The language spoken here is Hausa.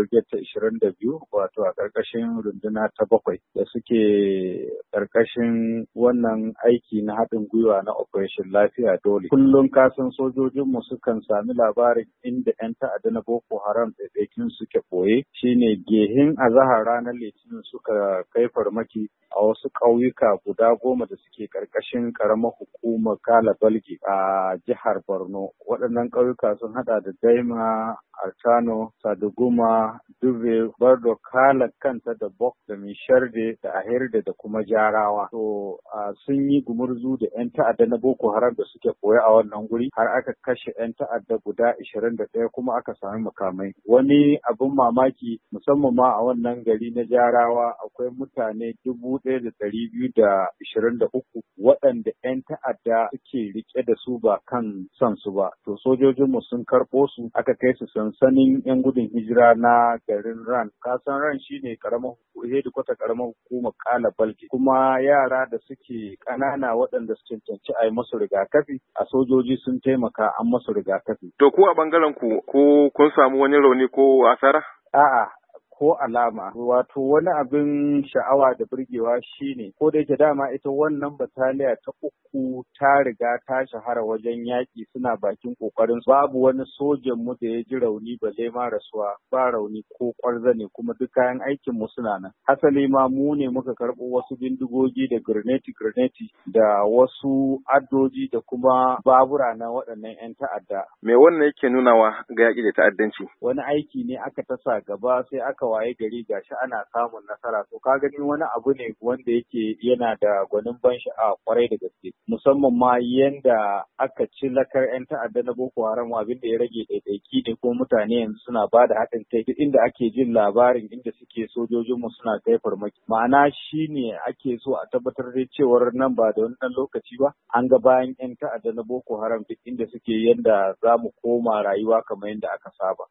Brigade ta 22 wato a ƙarƙashin runduna ta bakwai da suke ƙarƙashin wannan aiki na haɗin gwiwa na Operation Lafiya Dole. Kullum kasan sojojinmu sukan sami labarin inda 'yan ta'adda na Boko Haram ɗaiɗaikin suke ɓoye shine gehin azahar ranar Litinin suka kai farmaki a wasu ƙauyuka guda goma da suke ƙarƙashin ƙaramar hukumar Kala Balgi a jihar Borno. Waɗannan ƙauyuka sun haɗa da Daima, Altano, Saduguma, Dube, Bardo, Kala kanta da Bok da Misharde da Ahirde da kuma Jara. Irakawa to sun yi gumurzu da 'yan ta'adda na Boko Haram da suke koya a wannan guri har aka kashe 'yan ta'adda guda 21 kuma aka sami makamai. Wani abin mamaki musamman ma a wannan gari na Jarawa akwai mutane dubu ɗaya da ɗari biyu da ishirin da uku waɗanda 'yan ta'adda suke riƙe da su ba kan son su ba. To sojojinmu sun karɓo su aka kai su sansanin 'yan gudun hijira na garin Ran. Kasan Ran shine karamar hedikwata karamar hukumar Kala Balki kuma A yara da suke ƙanana waɗanda su cancanci a yi musu rigakafi a sojoji sun taimaka an musu rigakafi. To ku a bangaren ku ko kun samu wani rauni ko asara? A'a, ko alama wato wani abin sha'awa da burgewa shine ko da yake dama ita wannan bataliya ta uku ta riga ta shahara wajen yaƙi suna bakin ƙoƙarin babu wani sojan mu da ya ji rauni ba zai ma rasuwa ba rauni ko ne, kuma duk kayan aikin mu suna nan Asali ma mu ne muka karɓo wasu bindigogi da gurneti gurneti da wasu addoji da kuma babura na waɗannan 'yan ta'adda me wannan yake nunawa ga yaƙi da ta'addanci wani aiki ne aka tasa gaba sai aka waye gari gashi ana samun nasara to ka gani wani abu ne wanda yake yana da gwanin ban sha'awa kwarai da gaske musamman ma yanda aka ci lakar 'yan ta'adda na Boko Haram abin da ya rage ɗaiɗaiki ne ko mutane yanzu suna ba da haɗin kai duk inda ake jin labarin inda suke sojojinmu suna kai farmaki ma'ana shine ake so a tabbatar da cewar nan ba da wani ɗan lokaci ba an ga bayan 'yan ta'adda na Boko Haram duk inda suke yanda za mu koma rayuwa kamar yadda aka saba.